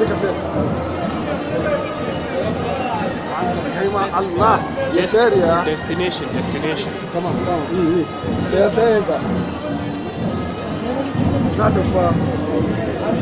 Take a seat. Allah. Yes. Destination. Destination. Come on, come on. Not far.